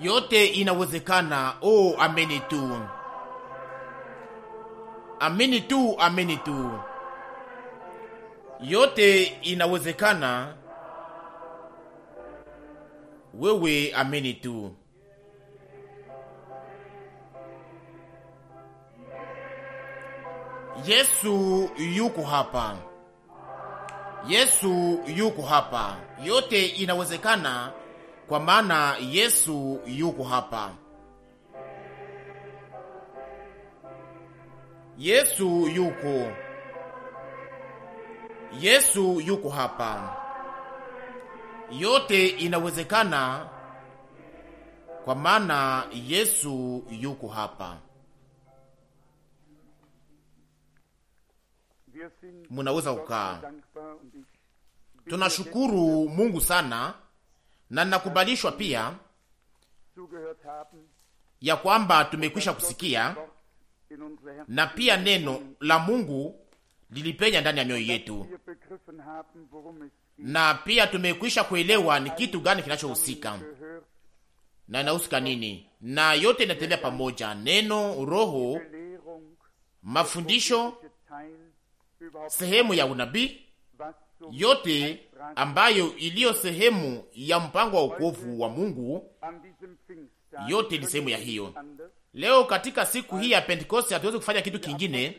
yote inawezekana. Oh, amini tu, amini tu, amini tu, yote inawezekana. Wewe amini tu. Yesu yuko hapa. Yesu yuko hapa. Yote inawezekana kwa maana Yesu yuko hapa. Yesu yuko, Yesu yuko hapa. Yote inawezekana kwa maana Yesu yuko hapa. Munaweza kukaa. Tunashukuru Mungu sana na ninakubalishwa pia ya kwamba tumekwisha kusikia na pia neno la Mungu lilipenya ndani ya mioyo yetu, na pia tumekwisha kuelewa ni kitu gani kinachohusika na inahusika nini, na yote inatembea pamoja: neno, roho, mafundisho, sehemu ya unabii, yote ambayo iliyo sehemu ya mpango wa ukovu wa Mungu, yote ni sehemu ya hiyo. Leo katika siku hii ya Pentekoste hatuwezi kufanya kitu kingine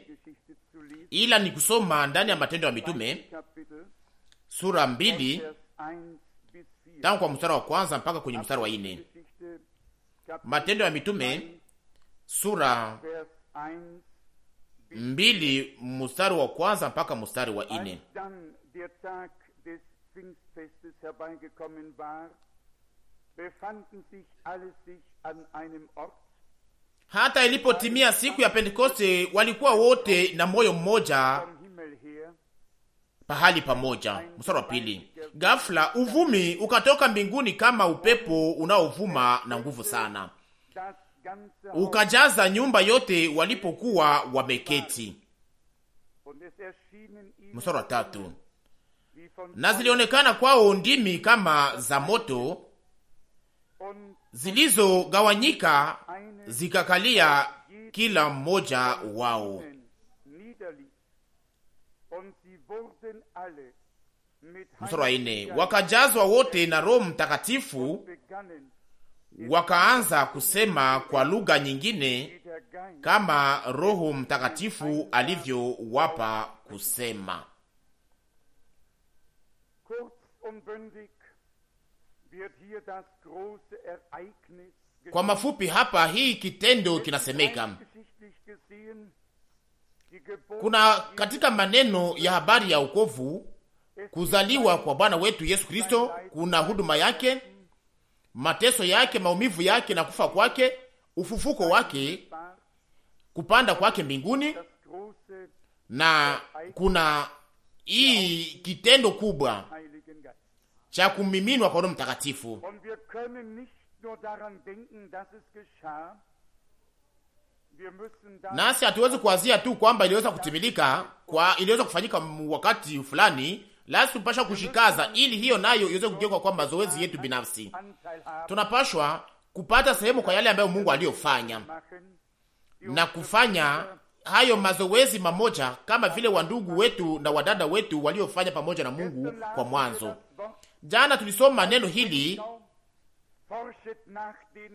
ila ni kusoma ndani ya Matendo ya Mitume sura mbili tangu kwa mstari wa kwanza mpaka kwenye mstari wa nne. Matendo ya Mitume sura mbili mstari wa kwanza mpaka mstari wa nne. Pfingstfestes herbeigekommen war, befanden sich alle sich an einem Ort. Hata ilipotimia siku ya Pentekoste, walikuwa wote na moyo mmoja pahali pamoja. Mstari wa pili, ghafla uvumi ukatoka mbinguni kama upepo unaovuma na nguvu sana, ukajaza nyumba yote walipokuwa wameketi. Mstari wa tatu na zilionekana kwao ndimi kama za moto zilizogawanyika zikakalia kila mmoja wao, wakajazwa wote na Roho Mtakatifu, wakaanza kusema kwa lugha nyingine kama Roho Mtakatifu alivyowapa kusema. Kwa mafupi hapa, hii kitendo kinasemeka kuna katika maneno ya habari ya ukovu kuzaliwa kwa Bwana wetu Yesu Kristo, kuna huduma yake, mateso yake, maumivu yake na kufa kwake, ufufuko wake, kupanda kwake mbinguni, na kuna hii kitendo kubwa cha kumiminwa kwa Roho Mtakatifu. Nasi hatuwezi kuwazia tu kwamba iliweza kutimilika kwa iliweza kufanyika wakati fulani, lazima tupasha kushikaza ili hiyo nayo iweze kujengwa kwa mazoezi yetu binafsi. Tunapashwa kupata sehemu kwa yale ambayo Mungu aliyofanya na kufanya hayo mazoezi mamoja, kama vile wandugu wetu na wadada wetu waliofanya pamoja na Mungu kwa mwanzo. Jana tulisoma neno hili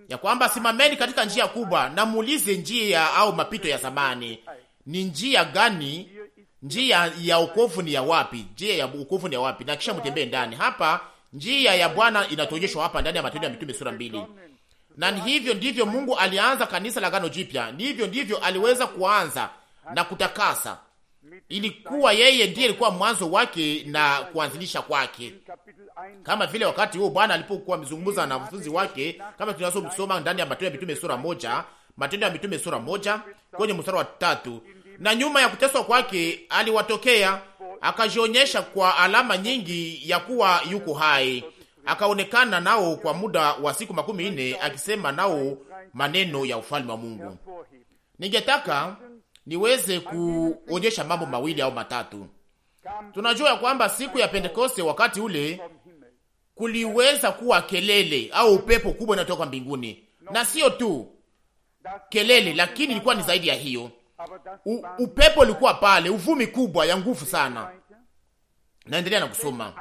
ya kwamba simameni katika njia kubwa na muulize njia au mapito ya zamani ni njia gani, njia ya ukovu ni ya wapi, njia ya ukovu ni ya wapi, na kisha mtembee ndani. Hapa njia ya Bwana inatuonyeshwa hapa ndani ya Matendo ya Mitume sura mbili na ni hivyo ndivyo Mungu alianza kanisa la Agano Jipya, ndivyo ndivyo aliweza kuanza na kutakasa ilikuwa yeye ndiye alikuwa mwanzo wake na kuanzilisha kwake, kama vile wakati huo Bwana alipokuwa amezungumza na wanafunzi wake, kama tunasoma ndani ya Matendo ya Mitume sura moja, Matendo ya Mitume sura moja kwenye mstari wa tatu. Na nyuma ya kuteswa kwake aliwatokea, akajionyesha kwa alama nyingi ya kuwa yuko hai, akaonekana nao kwa muda wa siku makumi nne akisema nao maneno ya ufalme wa Mungu. Ningetaka niweze kuonyesha mambo mawili au matatu. Tunajua ya kwamba siku ya Pentekoste wakati ule kuliweza kuwa kelele au upepo kubwa inayotoka mbinguni, na sio tu kelele, lakini ilikuwa ni zaidi ya hiyo. U, upepo ulikuwa pale, uvumi kubwa ya nguvu sana. Naendelea na kusoma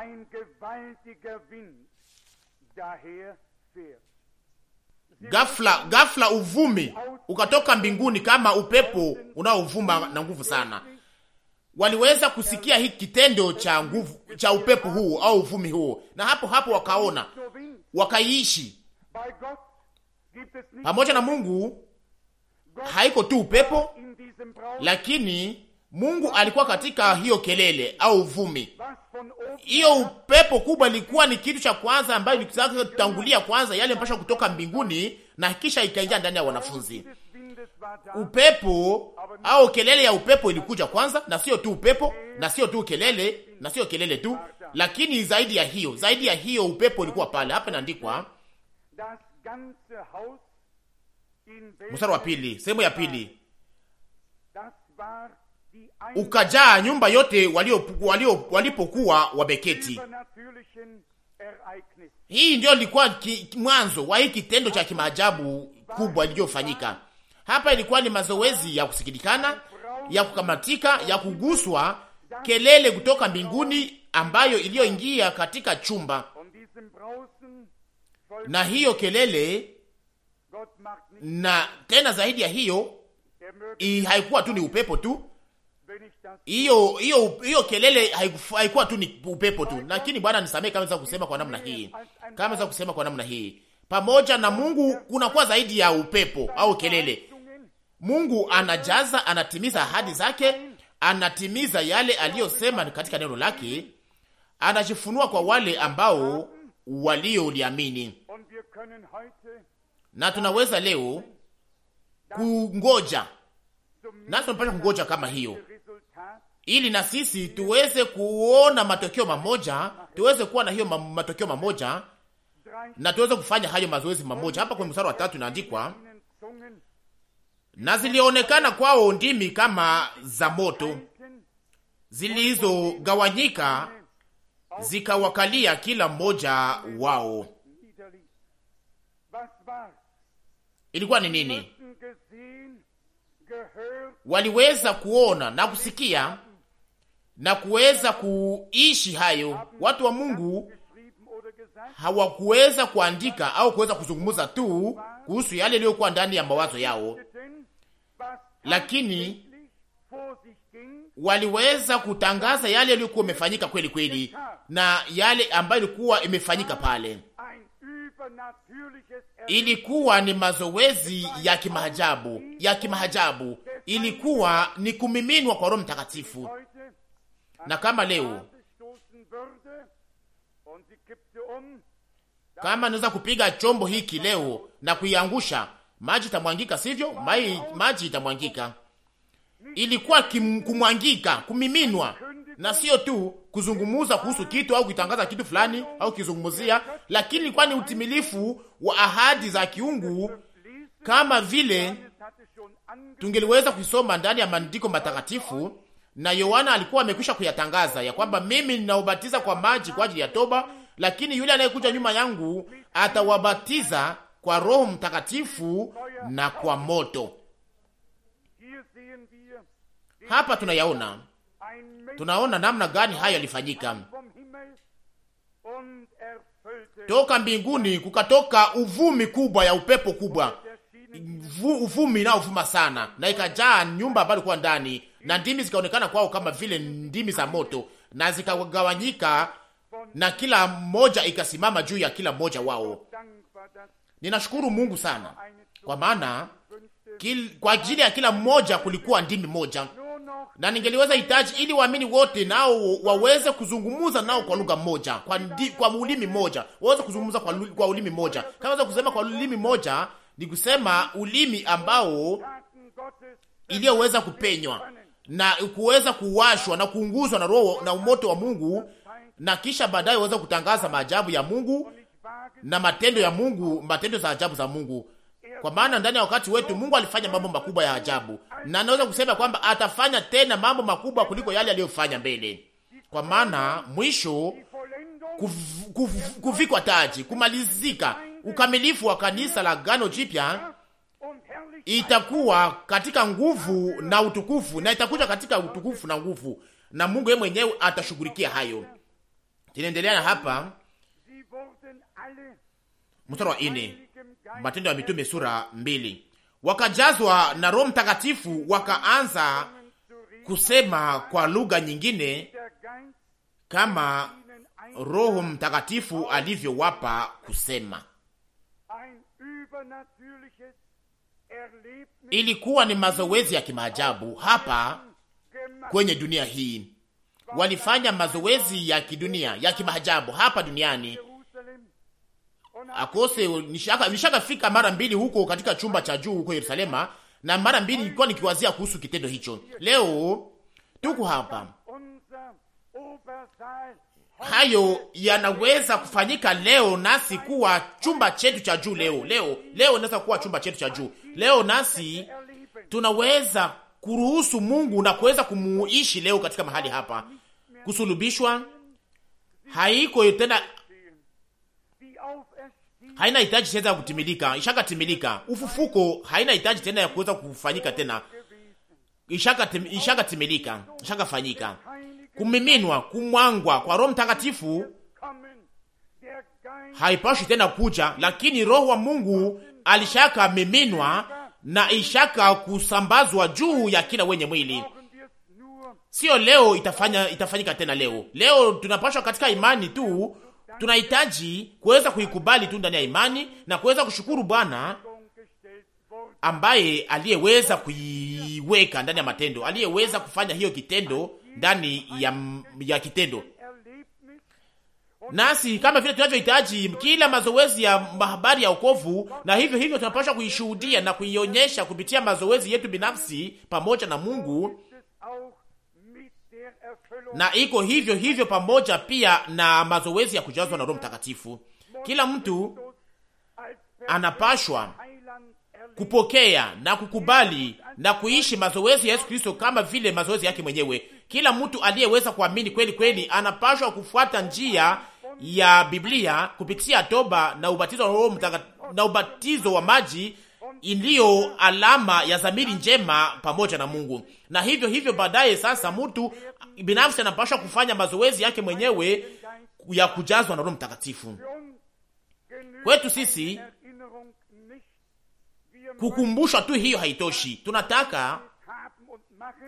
Ghafla ghafla uvumi ukatoka mbinguni kama upepo unaovuma na nguvu sana. Waliweza kusikia hiki kitendo cha nguvu cha upepo huu au uvumi huu, na hapo hapo wakaona, wakaiishi pamoja na Mungu. Haiko tu upepo, lakini Mungu alikuwa katika hiyo kelele au uvumi. Hiyo upepo kubwa ilikuwa ni kitu cha kwanza ambayo tangulia kwanza yale mpasha kutoka mbinguni na kisha ikaingia ndani ya wanafunzi. Upepo au kelele ya upepo ilikuja kwanza, na sio tu upepo, na sio tu kelele, na sio kelele tu, lakini zaidi ya hiyo, zaidi ya hiyo upepo ulikuwa pale. Hapa inaandikwa mstari wa pili, sehemu ya pili ukajaa nyumba yote walio walipokuwa wabeketi Hii ndio ilikuwa mwanzo wa hii kitendo cha kimaajabu kubwa iliyofanyika hapa. Ilikuwa ni mazoezi ya kusikilikana, ya kukamatika, ya kuguswa, kelele kutoka mbinguni ambayo iliyoingia katika chumba, na hiyo kelele, na tena zaidi ya hiyo, haikuwa tu ni upepo tu hiyo hiyo hiyo kelele haikuwa tu ni upepo tu, lakini Bwana nisamehe kama kusema kwa namna hii, kama naweza kusema kwa namna hii. Pamoja na Mungu kunakuwa zaidi ya upepo au kelele. Mungu anajaza, anatimiza ahadi zake, anatimiza yale aliyosema katika neno lake, anajifunua kwa wale ambao walioliamini, na tunaweza leo kungoja, na tunapasha kungoja kama hiyo ili na sisi tuweze kuona matokeo mamoja, tuweze kuwa na hiyo matokeo mamoja na tuweze kufanya hayo mazoezi mamoja. Hapa kwenye mstari wa tatu inaandikwa, na zilionekana kwao ndimi kama za moto zilizogawanyika zikawakalia kila mmoja wao. Ilikuwa ni nini? Waliweza kuona na kusikia na kuweza kuishi hayo. Watu wa Mungu hawakuweza kuandika au kuweza kuzungumza tu kuhusu yale yaliyokuwa ndani ya mawazo yao, lakini waliweza kutangaza yale yaliyokuwa imefanyika kweli kweli na yale ambayo ilikuwa imefanyika pale. Ilikuwa ni mazoezi ya kimahajabu ya kimahajabu, ilikuwa ni kumiminwa kwa Roho Mtakatifu na kama leo kama naweza kupiga chombo hiki leo na kuiangusha, maji itamwangika, sivyo? Mai, maji itamwangika. Ilikuwa kumwangika, kumiminwa, na sio tu kuzungumuza kuhusu kitu au kutangaza kitu fulani au kizungumzia, lakini ilikuwa ni utimilifu wa ahadi za kiungu, kama vile tungeliweza kuisoma ndani ya maandiko matakatifu na Yohana alikuwa amekwisha kuyatangaza ya kwamba mimi ninaubatiza kwa maji kwa ajili ya toba, lakini yule anayekuja nyuma yangu atawabatiza kwa Roho Mtakatifu na kwa moto. Hapa tunayaona, tunaona namna gani hayo yalifanyika toka mbinguni, kukatoka uvumi kubwa ya upepo kubwa, uvumi na sana, na ikajaa nyumba ambayo ilikuwa ndani na ndimi zikaonekana kwao kama vile ndimi za moto, na zikagawanyika, na kila moja ikasimama juu ya kila mmoja wao. Ninashukuru Mungu sana kwa maana kil, kwa ajili ya kila mmoja kulikuwa ndimi moja, na ningeliweza hitaji ili waamini wote nao waweze kuzungumza nao kwa lugha moja, kwa ndi, kwa ulimi moja, waweze kuzungumza kwa, kwa ulimi moja. Kama waweza kusema kwa ulimi moja, ni kusema ulimi ambao iliyoweza kupenywa na kuweza kuwashwa na kuunguzwa na roho na umoto wa Mungu, na kisha baadaye waweza kutangaza maajabu ya Mungu na matendo ya Mungu, matendo za ajabu za Mungu. Kwa maana ndani ya wakati wetu Mungu alifanya mambo makubwa ya ajabu, na naweza kusema kwamba atafanya tena mambo makubwa kuliko yale aliyofanya mbele, kwa maana mwisho kuvikwa taji, kumalizika ukamilifu wa kanisa la gano Jipya itakuwa katika nguvu na utukufu, na itakuja katika utukufu na nguvu, na Mungu yeye mwenyewe atashughulikia hayo. Tunaendelea na hapa mstari wa ine, Matendo ya Mitume sura mbili. Wakajazwa na Roho Mtakatifu, wakaanza kusema kwa lugha nyingine kama Roho Mtakatifu alivyowapa kusema. Ilikuwa ni mazoezi ya kimaajabu hapa kwenye dunia hii. Walifanya mazoezi ya kidunia ya kimaajabu hapa duniani. Akose nishaka nishakafika mara mbili huko katika chumba cha juu huko Yerusalema, na mara mbili nilikuwa nikiwazia kuhusu kitendo hicho. Leo tuko hapa hayo yanaweza kufanyika leo nasi kuwa chumba chetu cha juu leo. Leo leo inaweza kuwa chumba chetu cha juu leo, nasi tunaweza kuruhusu Mungu na kuweza kumuishi leo katika mahali hapa. Kusulubishwa haiko tena, haina hitaji tena ya kutimilika, ishaka timilika. Ufufuko haina hitaji tena ya kuweza kufanyika tena, ishaka tim, ishaka timilika, ishaka fanyika kumiminwa, kumwangwa kwa Roho Mtakatifu haipashwi tena kuja, lakini Roho wa Mungu alishaka miminwa na ishaka kusambazwa juu ya kila wenye mwili. Sio leo itafanya, itafanyika tena leo. Leo tunapashwa katika imani tu, tunahitaji kuweza kuikubali tu ndani ya imani na kuweza kushukuru Bwana ambaye aliyeweza kuiweka ndani ya matendo, aliyeweza kufanya hiyo kitendo ndani ya, ya kitendo. Nasi kama vile tunavyohitaji kila mazoezi ya habari ya wokovu, na hivyo hivyo tunapaswa kuishuhudia na kuionyesha kupitia mazoezi yetu binafsi pamoja na Mungu, na iko hivyo hivyo pamoja pia na mazoezi ya kujazwa na Roho Mtakatifu. Kila mtu anapashwa kupokea na kukubali na kuishi mazoezi ya Yesu Kristo kama vile mazoezi yake mwenyewe. Kila mtu aliyeweza kuamini kweli kweli anapashwa kufuata njia ya Biblia kupitia toba na ubatizo wa Roho Mtakatifu na ubatizo wa maji iliyo alama ya dhamiri njema pamoja na Mungu. Na hivyo hivyo baadaye sasa mtu binafsi anapashwa kufanya mazoezi yake mwenyewe ya kujazwa na Roho Mtakatifu. Kwetu sisi kukumbushwa tu hiyo haitoshi. Tunataka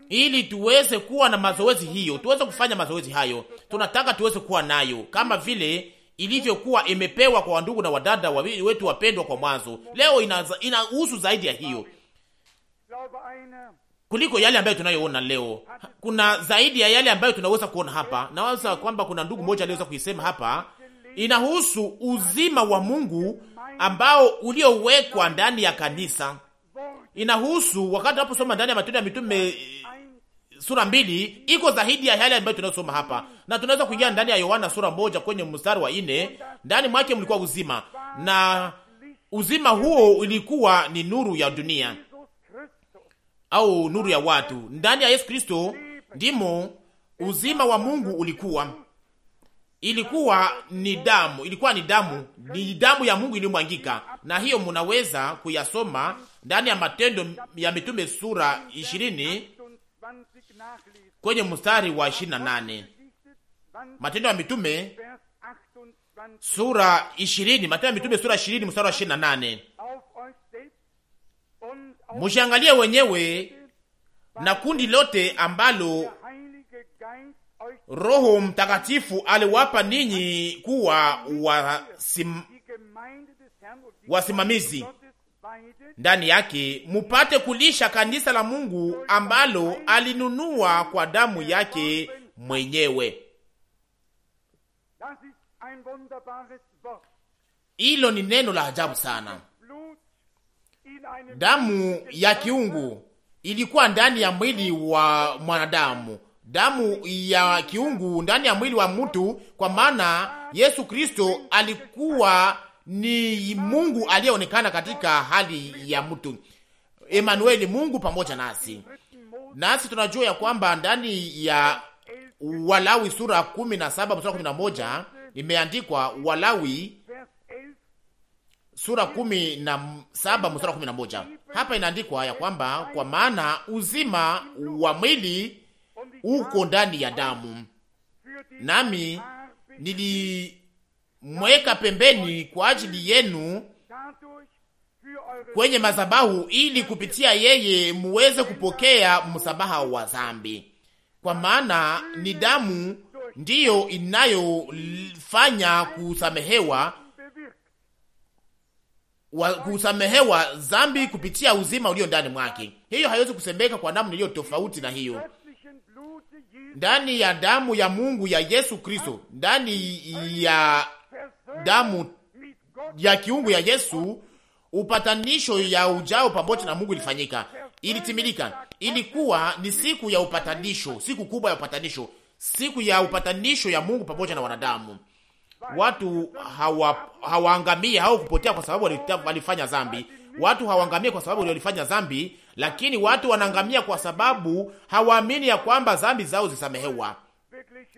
ili tuweze kuwa na mazoezi hiyo, tuweze kufanya mazoezi hayo. Tunataka tuweze kuwa nayo kama vile ilivyokuwa imepewa kwa wandugu na wadada wawili wetu wapendwa kwa mwanzo. Leo inahusu zaidi ya hiyo kuliko yale ambayo tunayoona leo. Kuna zaidi ya yale ambayo tunaweza kuona hapa. Nawaza kwamba kuna ndugu mmoja aliweza kuisema hapa, inahusu uzima wa Mungu ambao uliowekwa ndani ya kanisa inahusu wakati unaposoma ndani ya Matendo ya Mitume eh, sura mbili, iko zaidi ya yale ambayo tunasoma hapa, na tunaweza kuingia ndani ya Yohana sura moja kwenye mstari wa nne, ndani mwake mlikuwa uzima na uzima huo ulikuwa ni nuru ya dunia au nuru ya watu. Ndani ya Yesu Kristo ndimo uzima wa Mungu ulikuwa, ilikuwa ni damu, ilikuwa ni damu, ni damu ya Mungu ilimwangika, na hiyo munaweza kuyasoma ndani ya Matendo ya Mitume sura 20 kwenye mstari wa 28. Matendo ya Mitume sura 20, Matendo ya Mitume sura 20 mstari wa 28. Mushangalie wenyewe na kundi lote ambalo Roho Mtakatifu aliwapa ninyi kuwa wasim, wasimamizi ndani yake mupate kulisha kanisa la Mungu ambalo alinunua kwa damu yake mwenyewe. Hilo ni neno la ajabu sana. Damu ya kiungu ilikuwa ndani ya mwili wa mwanadamu, damu ya kiungu ndani ya mwili wa mtu, kwa maana Yesu Kristo alikuwa ni Mungu aliyeonekana katika hali ya mtu. Emanueli, Mungu pamoja nasi. Nasi tunajua ya kwamba ndani ya Walawi sura 17 mstari 11 imeandikwa, Walawi sura 17 mstari 11. Hapa inaandikwa ya kwamba kwa maana uzima wa mwili uko ndani ya damu, nami nili mweka pembeni kwa ajili yenu kwenye mazabahu, ili kupitia yeye muweze kupokea msabaha wa dhambi, kwa maana ni damu ndiyo inayofanya kusamehewa wa, kusamehewa dhambi kupitia uzima ulio ndani mwake. Hiyo haiwezi kusembeka kwa damu iliyo tofauti na hiyo. Ndani ya damu ya Mungu ya Yesu Kristo, ndani ya damu ya kiungu ya Yesu, upatanisho ya ujao pamoja na Mungu ilifanyika, ilitimilika. Ilikuwa ni siku ya upatanisho, siku kubwa ya upatanisho, siku ya upatanisho ya Mungu pamoja na wanadamu. Watu hawa hawaangamie au kupotea kwa sababu walifanya dhambi. Watu hawaangamie kwa sababu walifanya dhambi, lakini watu wanaangamia kwa sababu hawaamini ya kwamba dhambi zao zisamehewa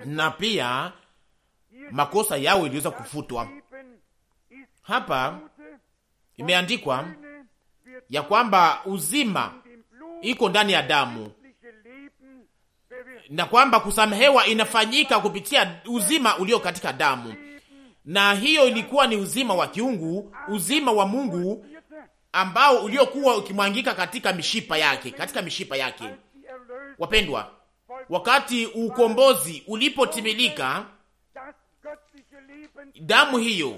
na pia makosa yao iliweza kufutwa. Hapa imeandikwa ya kwamba uzima iko ndani ya damu na kwamba kusamehewa inafanyika kupitia uzima ulio katika damu, na hiyo ilikuwa ni uzima wa kiungu, uzima wa Mungu ambao uliokuwa ukimwangika katika mishipa yake, katika mishipa yake. Wapendwa, wakati ukombozi ulipotimilika damu hiyo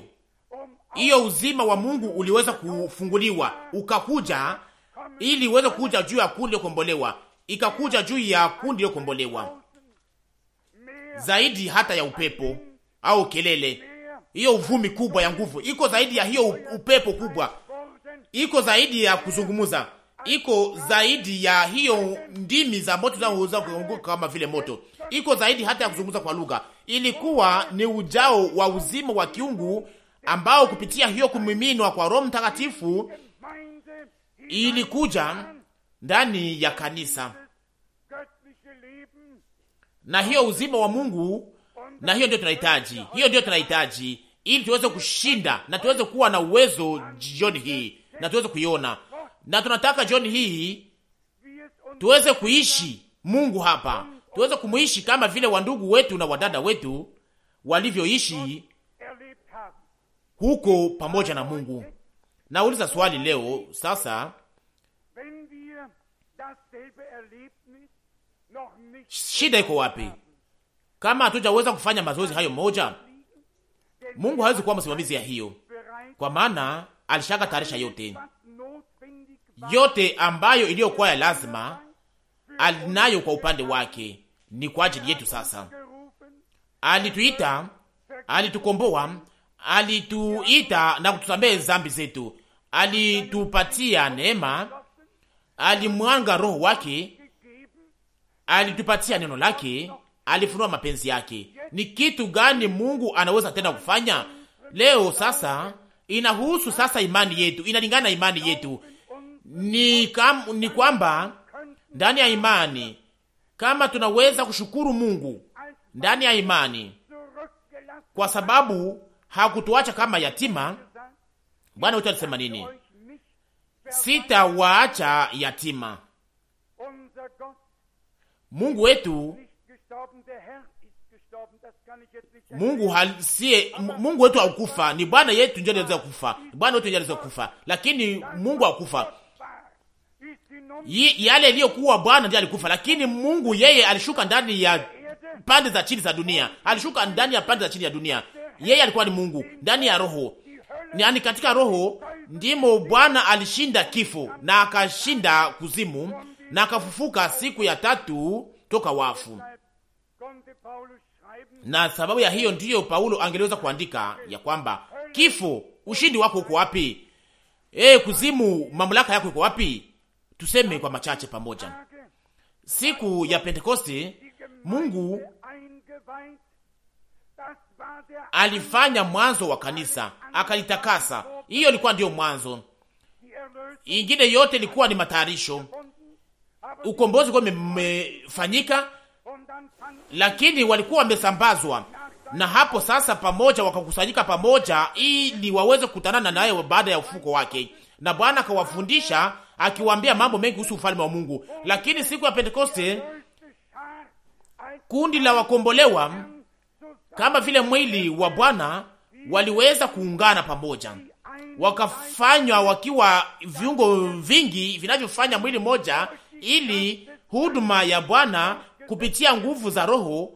hiyo, uzima wa Mungu uliweza kufunguliwa ukakuja, ili uweze kuja juu ya kundi lokombolewa, ikakuja juu ya kundi lokombolewa zaidi hata ya upepo au kelele. Hiyo uvumi kubwa ya nguvu iko zaidi ya hiyo upepo kubwa, iko zaidi ya kuzungumuza, iko zaidi ya hiyo ndimi za moto zinazoweza kama vile moto iko zaidi hata ya kuzungumza kwa lugha. Ilikuwa ni ujao wa uzima wa kiungu ambao kupitia hiyo kumiminwa kwa Roho Mtakatifu ilikuja ndani ya kanisa, na hiyo uzima wa Mungu, na hiyo ndio tunahitaji, hiyo ndio tunahitaji ili tuweze kushinda na tuweze kuwa na uwezo jioni hii na tuweze kuiona, na tunataka jioni hii tuweze kuishi Mungu hapa tuweze kumuishi kama vile wandugu wetu na wadada wetu walivyoishi huko pamoja na Mungu. Nauliza swali leo sasa, shida iko wapi? Kama hatujaweza kufanya mazoezi hayo moja, Mungu hawezi kuwa msimamizi ya hiyo, kwa maana alishaka tarisha yote yote ambayo iliyokuwa ya lazima alinayo kwa upande wake ni kwa ajili yetu sasa. Alituita, alitukomboa, alituita na kutusamehe zambi zetu, alitupatia neema, alimwanga roho wake, alitupatia neno lake, alifunua mapenzi yake. Ni kitu gani Mungu anaweza tena kufanya leo? Sasa inahusu sasa imani yetu, inalingana na imani yetu. Ni, kam, ni kwamba ndani ya imani kama tunaweza kushukuru Mungu ndani ya imani, kwa sababu hakutuacha kama yatima. Bwana wetu alisema nini? Sitawaacha yatima. Mungu wetu Mungu Mungu wetu hakufa. Ni Bwana yetu ndiye aliweza kufa, Bwana wetu ndiye aliweza kufa, lakini Mungu hakufa yale kuwa Bwana ndiye alikufa, lakini Mungu yeye alishuka ndani ya pande za chini za dunia, alishuka ndani ya pande za chini ya dunia. Yeye alikuwa ni Mungu ndani ya roho, yaani katika roho ndimo Bwana alishinda kifo na akashinda kuzimu na akafufuka siku ya tatu toka wafu. Na sababu ya hiyo ndiyo Paulo angeliweza kuandika ya kwamba kifo, ushindi wako uko wapi? E, kuzimu, mamlaka yako iko wapi? Tuseme kwa machache pamoja. Siku ya Pentekoste Mungu alifanya mwanzo wa kanisa, akalitakasa. Hiyo ilikuwa ndiyo mwanzo, ingine yote ilikuwa ni matayarisho. Ukombozi kuwa umefanyika, lakini walikuwa wamesambazwa, na hapo sasa pamoja wakakusanyika pamoja ili waweze kukutanana naye baada ya ufuko wake, na Bwana akawafundisha akiwaambia mambo mengi kuhusu ufalme wa Mungu. Lakini siku ya Pentekoste kundi la wakombolewa kama vile mwili wa Bwana waliweza kuungana pamoja, wakafanywa wakiwa viungo vingi vinavyofanya mwili moja, ili huduma ya Bwana kupitia nguvu za Roho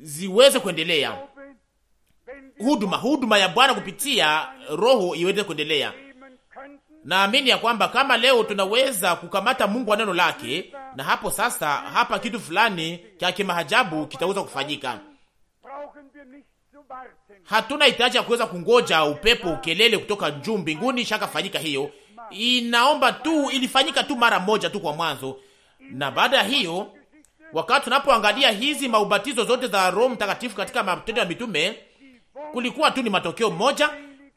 ziweze kuendelea. Huduma huduma ya Bwana kupitia Roho iweze kuendelea. Naamini ya kwamba kama leo tunaweza kukamata Mungu wa neno lake, na hapo sasa, hapa kitu fulani cha kimahajabu kitaweza kufanyika. Hatuna hitaji ya kuweza kungoja upepo ukelele kutoka juu mbinguni, fanyika hiyo. Inaomba tu ilifanyika tu mara moja tu kwa mwanzo, na baada ya hiyo, wakati tunapoangalia hizi maubatizo zote za Roho Mtakatifu katika Matendo ya Mitume, kulikuwa tu ni matokeo moja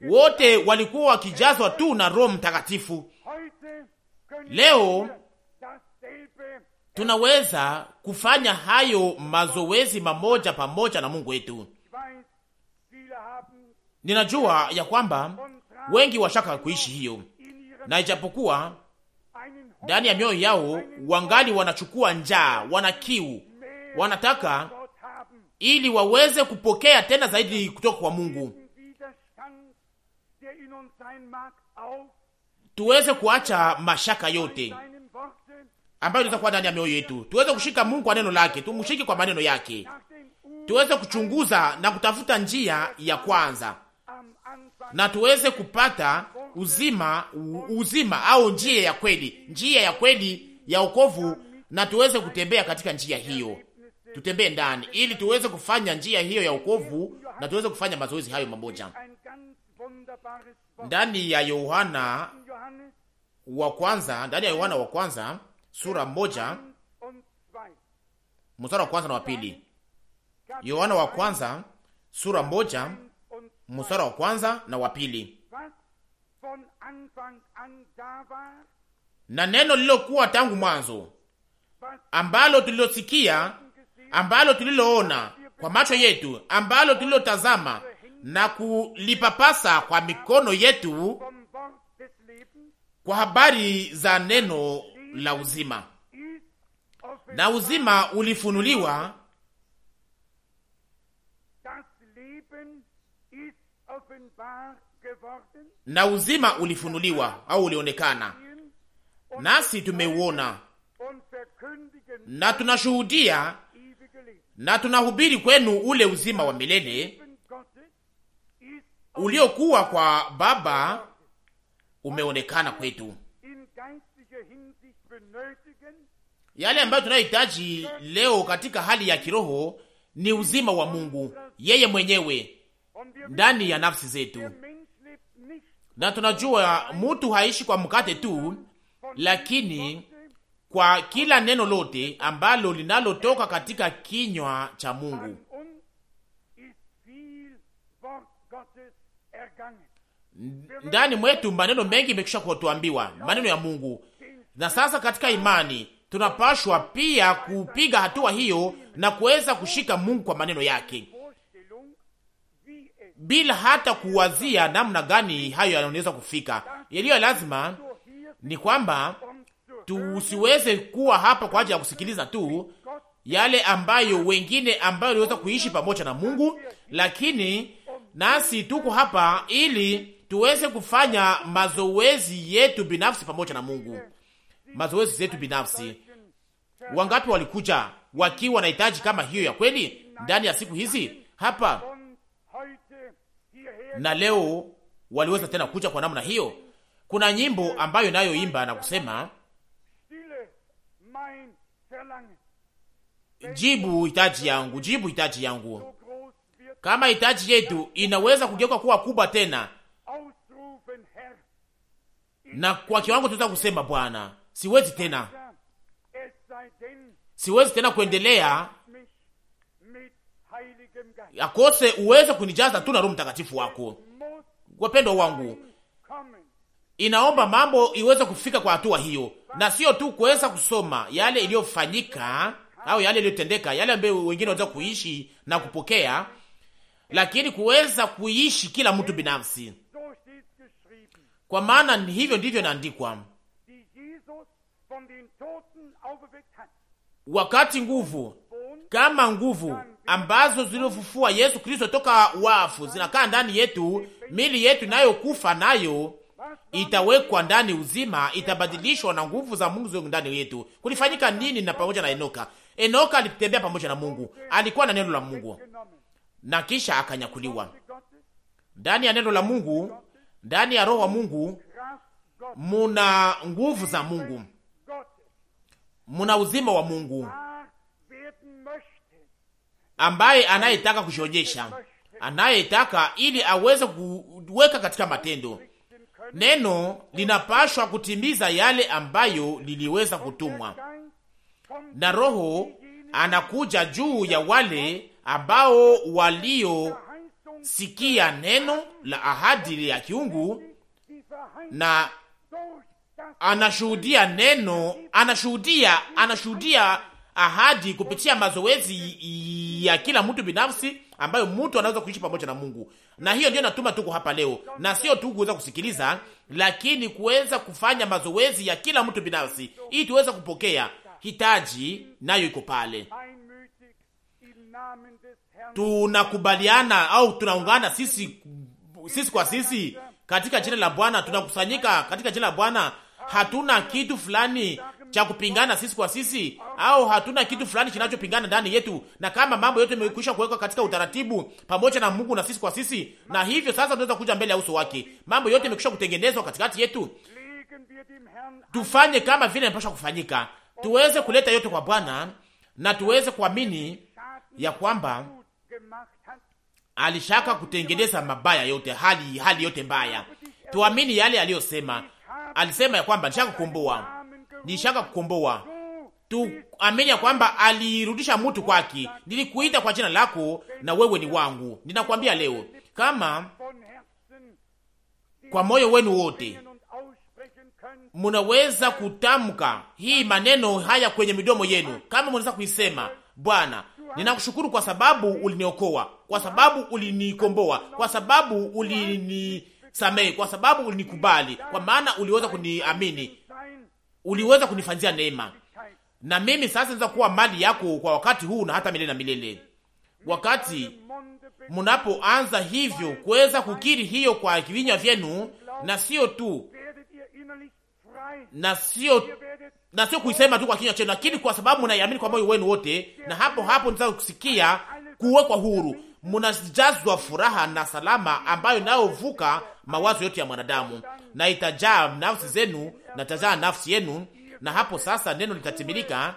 wote walikuwa wakijazwa tu na Roho Mtakatifu. Leo tunaweza kufanya hayo mazoezi mamoja pamoja na Mungu wetu. Ninajua ya kwamba wengi washaka kuishi hiyo, na ijapokuwa ndani ya mioyo yao wangali wanachukua njaa, wana kiu, wanataka ili waweze kupokea tena zaidi kutoka kwa Mungu tuweze kuacha mashaka yote ambayo inaweza kuwa ndani ya mioyo yetu, tuweze kushika Mungu kwa neno lake, tumshike kwa maneno yake, tuweze kuchunguza na kutafuta njia ya kwanza, na tuweze kupata uzima, uzima au njia ya kweli, njia ya kweli ya wokovu, na tuweze kutembea katika njia hiyo, tutembee ndani, ili tuweze kufanya njia hiyo ya wokovu, na tuweze kufanya mazoezi hayo mamoja ndani ya Yohana wa kwanza, ndani ya Yohana wa kwanza sura moja mstari wa kwanza na wa pili. Yohana wa kwanza sura moja mstari wa kwanza na wa pili. Na neno lilokuwa tangu mwanzo, ambalo tulilosikia, ambalo tuliloona kwa macho yetu, ambalo tulilotazama na kulipapasa kwa mikono yetu kwa habari za neno la uzima, na uzima ulifunuliwa na uzima ulifunuliwa au ulionekana, nasi tumeuona na tunashuhudia na tunahubiri kwenu ule uzima wa milele uliokuwa kwa Baba umeonekana kwetu. Yale ambayo tunayohitaji leo katika hali ya kiroho ni uzima wa Mungu yeye mwenyewe ndani ya nafsi zetu, na tunajua mutu haishi kwa mkate tu, lakini kwa kila neno lote ambalo linalotoka katika kinywa cha Mungu. ndani mwetu maneno mengi imekwisha kutuambiwa, maneno ya Mungu. Na sasa katika imani tunapashwa pia kupiga hatua hiyo na kuweza kushika Mungu kwa maneno yake bila hata kuwazia namna gani hayo yanaweza kufika. Yaliyo lazima ni kwamba tusiweze kuwa hapa kwa ajili ya kusikiliza tu yale ambayo wengine ambayo waliweza kuishi pamoja na Mungu, lakini nasi tuko hapa ili tuweze kufanya mazoezi yetu binafsi pamoja na Mungu, mazoezi yetu binafsi. Wangapi walikuja wakiwa wanahitaji kama hiyo ya kweli ndani ya siku hizi hapa na leo waliweza tena kuja kwa namna hiyo. Kuna nyimbo ambayo inayoimba na kusema jibu hitaji yangu, jibu hitaji yangu. Kama hitaji yetu inaweza kugeuka kuwa kubwa tena na kwa kiwango tunaweza kusema Bwana, siwezi tena, siwezi tena kuendelea akose uweze kunijaza tu na Roho Mtakatifu wako. Wapendwa wangu, inaomba mambo iweze kufika kwa hatua hiyo, na sio tu kuweza kusoma yale iliyofanyika au yale iliyotendeka, yale ambayo wengine wanaweza kuishi na kupokea, lakini kuweza kuishi kila mtu binafsi kwa maana hivyo ndivyo inaandikwa, wakati nguvu kama nguvu ambazo zilizofufua Yesu Kristo toka wafu zinakaa ndani yetu, mili yetu inayokufa nayo itawekwa ndani uzima, itabadilishwa na nguvu za Mungu zilizo ndani yetu. Kulifanyika nini na pamoja na Enoka? Enoka alitembea pamoja na Mungu, alikuwa na neno la Mungu na kisha akanyakuliwa. Ndani ya neno la Mungu ndani ya roho wa Mungu muna nguvu za Mungu, muna uzima wa Mungu ambaye anayetaka kushojesha, anayetaka ili aweze kuweka katika matendo. Neno linapashwa kutimiza yale ambayo liliweza kutumwa, na Roho anakuja juu ya wale ambao walio sikia neno la ahadi ya kiungu na anashuhudia neno, anashuhudia anashuhudia ahadi kupitia mazoezi ya kila mtu binafsi, ambayo mtu anaweza kuishi pamoja na Mungu. Na hiyo ndio natuma tuko hapa leo, na sio tu kuweza kusikiliza, lakini kuweza kufanya mazoezi ya kila mtu binafsi, ili tuweze kupokea hitaji, nayo iko pale tunakubaliana au tunaungana sisi sisi kwa sisi katika jina la Bwana, tunakusanyika katika jina la Bwana. Hatuna kitu fulani cha kupingana sisi kwa sisi, au hatuna kitu fulani kinachopingana ndani yetu, na kama mambo yote yamekwisha kuwekwa katika utaratibu pamoja na Mungu na sisi kwa sisi, na hivyo sasa tunaweza kuja mbele ya uso wake. Mambo yote yamekwisha kutengenezwa katikati yetu, tufanye kama vile inapaswa kufanyika, tuweze kuleta yote kwa Bwana na tuweze kuamini ya kwamba alishaka kutengeneza mabaya yote, hali hali yote mbaya. Tuamini yale aliyosema, alisema ya kwamba nishaka kukomboa, nishaka kukomboa. Tuamini ya kwamba alirudisha mtu kwake. Nilikuita kwa jina lako na wewe ni wangu. Ninakwambia leo kama kwa moyo wenu wote munaweza kutamka hii maneno haya kwenye midomo yenu, kama munaweza kuisema Bwana, Ninakushukuru kwa sababu uliniokoa, kwa sababu ulinikomboa, kwa sababu ulinisamehe, kwa sababu ulinikubali, kwa maana uliweza kuniamini, uliweza kunifanyia neema, na mimi sasa naweza kuwa mali yako kwa wakati huu na hata milele na milele. Wakati mnapoanza hivyo kuweza kukiri hiyo kwa vinywa vyenu, na sio tu na sio na sio kuisema tu kwa kinywa chenu, lakini kwa sababu mnaiamini kwa moyo wenu wote, na hapo hapo nitaweza kusikia kuwekwa huru, mnajazwa furaha na salama ambayo inayovuka mawazo yote ya mwanadamu, na itajaa nafsi zenu na tazaa nafsi yenu, na hapo sasa neno litatimilika,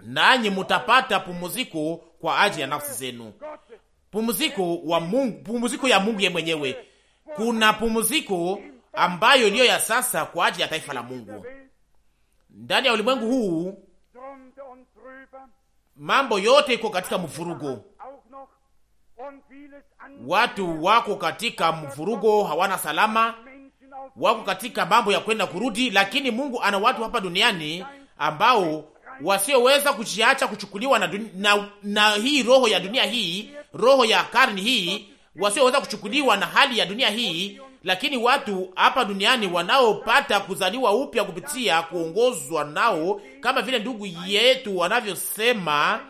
nanyi mtapata pumziko kwa ajili ya nafsi zenu, pumziko wa Mungu, pumziko ya Mungu ye mwenyewe. Kuna pumziko ambayo iliyo ya sasa kwa ajili ya taifa la Mungu ndani ya ulimwengu huu mambo yote iko katika mvurugo, watu wako katika mvurugo, hawana salama, wako katika mambo ya kwenda kurudi, lakini Mungu ana watu hapa duniani ambao wasioweza kujiacha kuchukuliwa na, na, na hii roho ya dunia hii, roho ya karni hii, wasioweza kuchukuliwa na hali ya dunia hii lakini watu hapa duniani wanaopata kuzaliwa upya kupitia kuongozwa nao, kama vile ndugu yetu wanavyosema,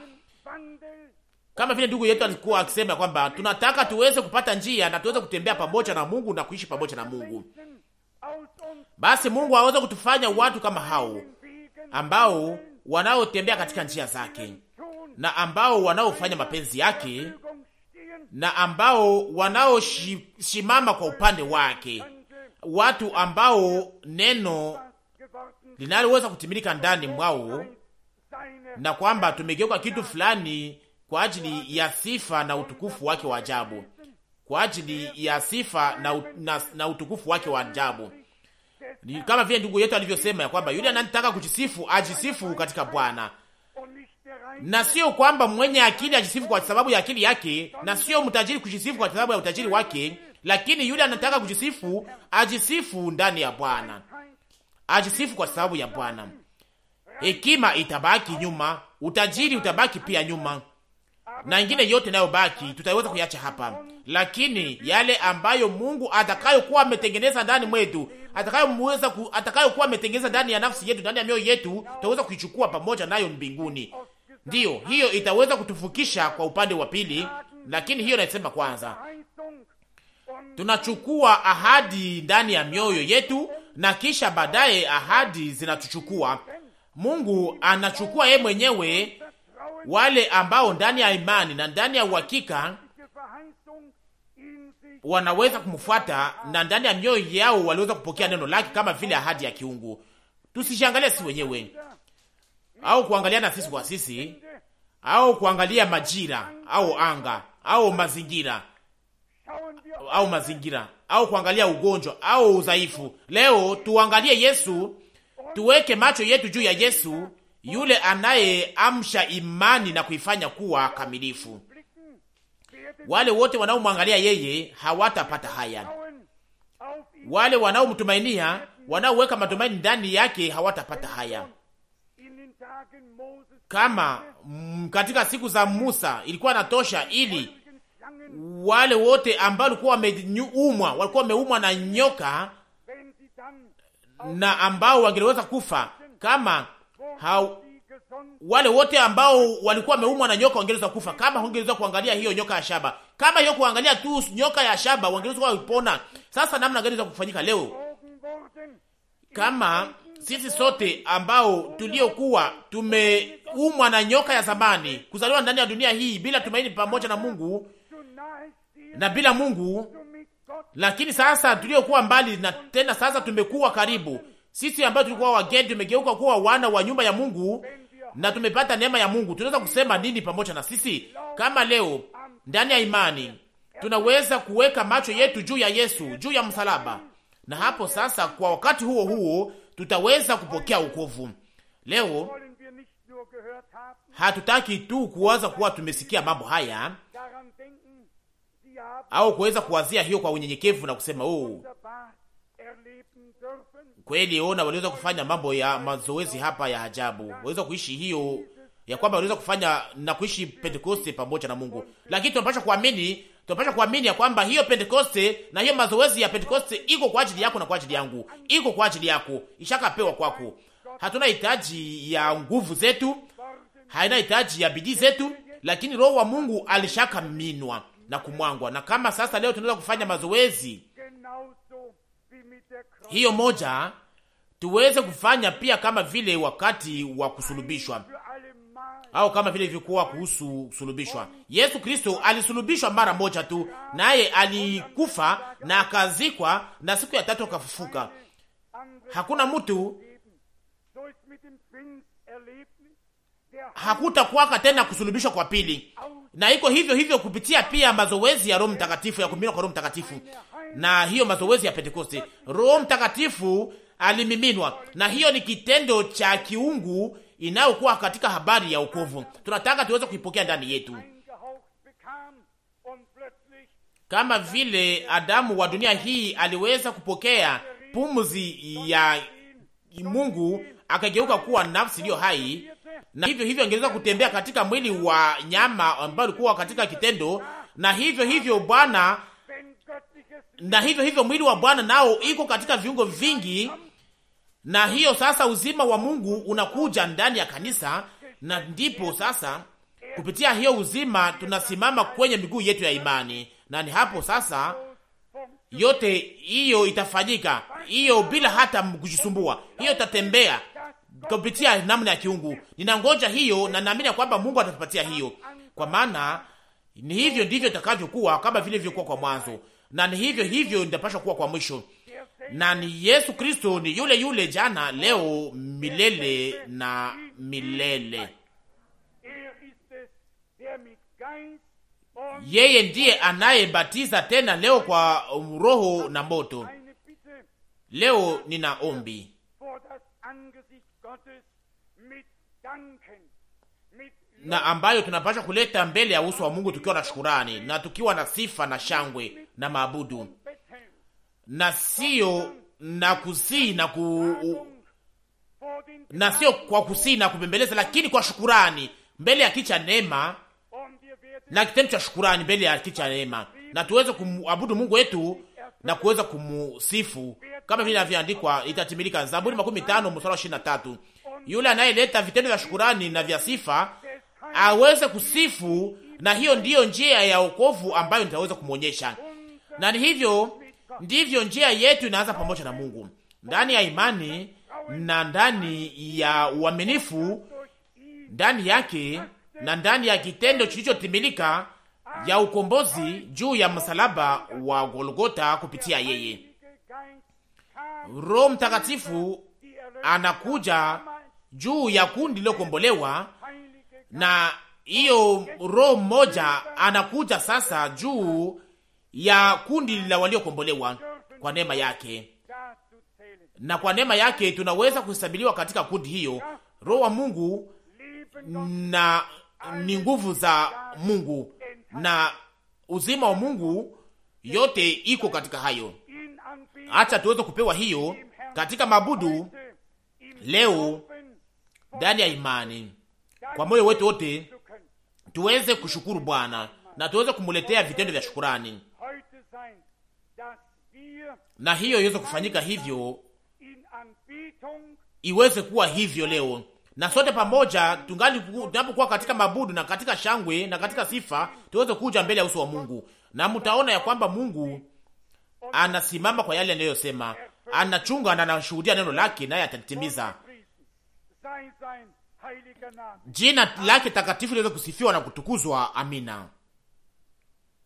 kama vile ndugu yetu alikuwa akisema kwamba tunataka tuweze kupata njia na tuweze kutembea pamoja na Mungu na kuishi pamoja na Mungu. Basi Mungu aweze kutufanya watu kama hao ambao wanaotembea katika njia zake na ambao wanaofanya mapenzi yake na ambao wanaoshimama kwa upande wake, watu ambao neno linaloweza kutimilika ndani mwao, na kwamba tumegeuka kitu fulani kwa ajili ya sifa na utukufu wake wa ajabu, kwa ajili ya sifa na, na, na utukufu wake wa ajabu, kama vile ndugu yetu alivyosema ya kwamba yule anataka kujisifu ajisifu katika Bwana na sio kwamba mwenye akili ajisifu kwa sababu ya akili yake, na sio mtajiri kujisifu kwa sababu ya utajiri wake, lakini yule anataka kujisifu, ajisifu ndani ya Bwana, ajisifu kwa sababu ya Bwana. Hekima itabaki nyuma, utajiri utabaki pia nyuma, na ingine yote inayobaki tutaweza kuiacha hapa, lakini yale ambayo Mungu atakayokuwa ametengeneza ndani mwetu atakayomweza ku, atakayokuwa ametengeneza ndani ya nafsi yetu, ndani ya mioyo yetu, tutaweza kuichukua pamoja nayo mbinguni. Ndiyo, hiyo itaweza kutufukisha kwa upande wa pili, lakini hiyo naisema kwanza, tunachukua ahadi ndani ya mioyo yetu na kisha baadaye ahadi zinatuchukua. Mungu anachukua yeye mwenyewe wale ambao ndani ya imani na ndani ya uhakika wanaweza kumfuata na ndani ya mioyo yao waliweza kupokea neno lake kama vile ahadi ya kiungu. Tusishangalie si wenyewe, au kuangalia na sisi kwa sisi au kuangalia majira au anga au mazingira au mazingira au kuangalia ugonjwa au udhaifu. Leo tuangalie Yesu, tuweke macho yetu juu ya Yesu, yule anayeamsha imani na kuifanya kuwa kamilifu. Wale wote wanaomwangalia yeye hawatapata haya. Wale wanaomtumainia, wanaoweka matumaini ndani yake hawatapata haya kama katika siku za Musa ilikuwa natosha ili wale wote ambao walikuwa wameumwa walikuwa wameumwa na nyoka na ambao wangeweza kufa kama hau, wale wote ambao walikuwa wameumwa na nyoka wangeweza kufa kama wangeweza kuangalia hiyo nyoka ya shaba, kama hiyo kuangalia tu nyoka ya shaba wangeweza kupona. Sasa namna gani za kufanyika leo kama sisi sote ambao tuliokuwa tumeumwa na nyoka ya zamani, kuzaliwa ndani ya dunia hii bila tumaini pamoja na Mungu na bila Mungu, lakini sasa tuliokuwa mbali na tena sasa tumekuwa karibu. Sisi ambao tulikuwa wageni tumegeuka kuwa wana wa nyumba ya Mungu na tumepata neema ya Mungu. Tunaweza kusema nini pamoja na sisi? Kama leo ndani ya imani tunaweza kuweka macho yetu juu ya Yesu, juu ya msalaba, na hapo sasa, kwa wakati huo huo tutaweza kupokea ukovu. Leo hatutaki tu kuwaza kuwa tumesikia mambo haya au kuweza kuwazia hiyo kwa unyenyekevu na kusema oh, kweli ona, waliweza kufanya mambo ya mazoezi hapa ya ajabu, waliweza kuishi hiyo ya kwamba waliweza kufanya na kuishi Pentekoste pamoja na Mungu, lakini tunapaswa kuamini tunapasha kuamini ya kwamba hiyo Pentekoste na hiyo mazoezi ya Pentekoste iko kwa ajili yako na kwa ajili yangu, iko kwa ajili yako, ishakapewa kwako. Hatuna hitaji ya nguvu zetu, haina hitaji ya bidii zetu, lakini Roho wa Mungu alishakaminwa na kumwangwa. Na kama sasa leo tunaweza kufanya mazoezi hiyo moja, tuweze kufanya pia kama vile wakati wa kusulubishwa au kama vile ilivyokuwa kuhusu sulubishwa. Yesu Kristo alisulubishwa mara moja tu, naye alikufa na akazikwa, na siku ya tatu akafufuka. Hakuna mtu hakutakuwaka tena kusulubishwa kwa pili, na iko hivyo hivyo kupitia pia mazoezi ya Roho Mtakatifu ya kumiminwa kwa Roho Mtakatifu, na hiyo mazoezi ya Pentekoste, Roho Mtakatifu alimiminwa, na hiyo ni kitendo cha kiungu inayokuwa katika habari ya wokovu. Tunataka tuweze kuipokea ndani yetu, kama vile Adamu wa dunia hii aliweza kupokea pumzi ya Mungu akageuka kuwa nafsi iliyo hai, na hivyo hivyo angeweza kutembea katika mwili wa nyama ambayo ulikuwa katika kitendo, na hivyo hivyo Bwana na hivyo hivyo mwili wa Bwana nao iko katika viungo vingi na hiyo sasa uzima wa Mungu unakuja ndani ya kanisa, na ndipo sasa kupitia hiyo uzima tunasimama kwenye miguu yetu ya imani, na ni hapo sasa yote hiyo itafanyika, hiyo bila hata kujisumbua, hiyo tatembea kupitia namna ya kiungu. Ninangoja hiyo na naamini kwamba Mungu atatupatia hiyo, kwa maana ni hivyo ndivyo itakavyokuwa, kama vile vilivyokuwa kwa mwanzo, na ni hivyo hivyo ndapasha kuwa kwa mwisho na ni Yesu Kristo ni yule yule jana, leo, milele na milele. Yeye ndiye anayebatiza tena leo kwa roho na moto. Leo nina ombi na ambayo tunapasha kuleta mbele ya uso wa Mungu tukiwa na shukurani na tukiwa na sifa na shangwe na maabudu na sio na kusii na ku na sio kwa kusii na kubembeleza, lakini kwa shukurani mbele ya kicha neema na kitendo cha shukurani mbele ya kicha neema, na tuweze kumuabudu Mungu wetu na kuweza kumusifu kama vile inavyoandikwa, itatimilika Zaburi makumi tano mstari ishirini na tatu. Yule anayeleta vitendo vya shukurani na vya sifa aweze kusifu, na hiyo ndiyo njia ya wokovu ambayo nitaweza kumwonyesha, na ni hivyo ndivyo njia yetu inaanza pamoja na Mungu ndani ya imani na ndani ya uaminifu ndani yake na ndani ya kitendo kilichotimilika ya ukombozi juu ya msalaba wa Golgota kupitia yeye. Roho Mtakatifu anakuja juu ya kundi lilokombolewa, na hiyo roho mmoja anakuja sasa juu ya kundi la waliokombolewa kwa neema yake, na kwa neema yake tunaweza kuhesabiliwa katika kundi hiyo. Roho wa Mungu na ni nguvu za Mungu na uzima wa Mungu, yote iko katika hayo. Acha tuweze kupewa hiyo katika mabudu leo ndani ya imani, kwa moyo wetu wote tuweze kushukuru Bwana na tuweze kumuletea vitendo vya shukurani na hiyo iweze kufanyika hivyo, iweze kuwa hivyo leo, na sote pamoja tungali tunapokuwa katika mabudu na katika shangwe na katika sifa, tuweze kuja mbele ya uso wa Mungu, na mtaona ya kwamba Mungu anasimama kwa yale anayosema, anachunga na anashuhudia neno lake, naye atatimiza Jina lake takatifu liweze kusifiwa na kutukuzwa. Amina.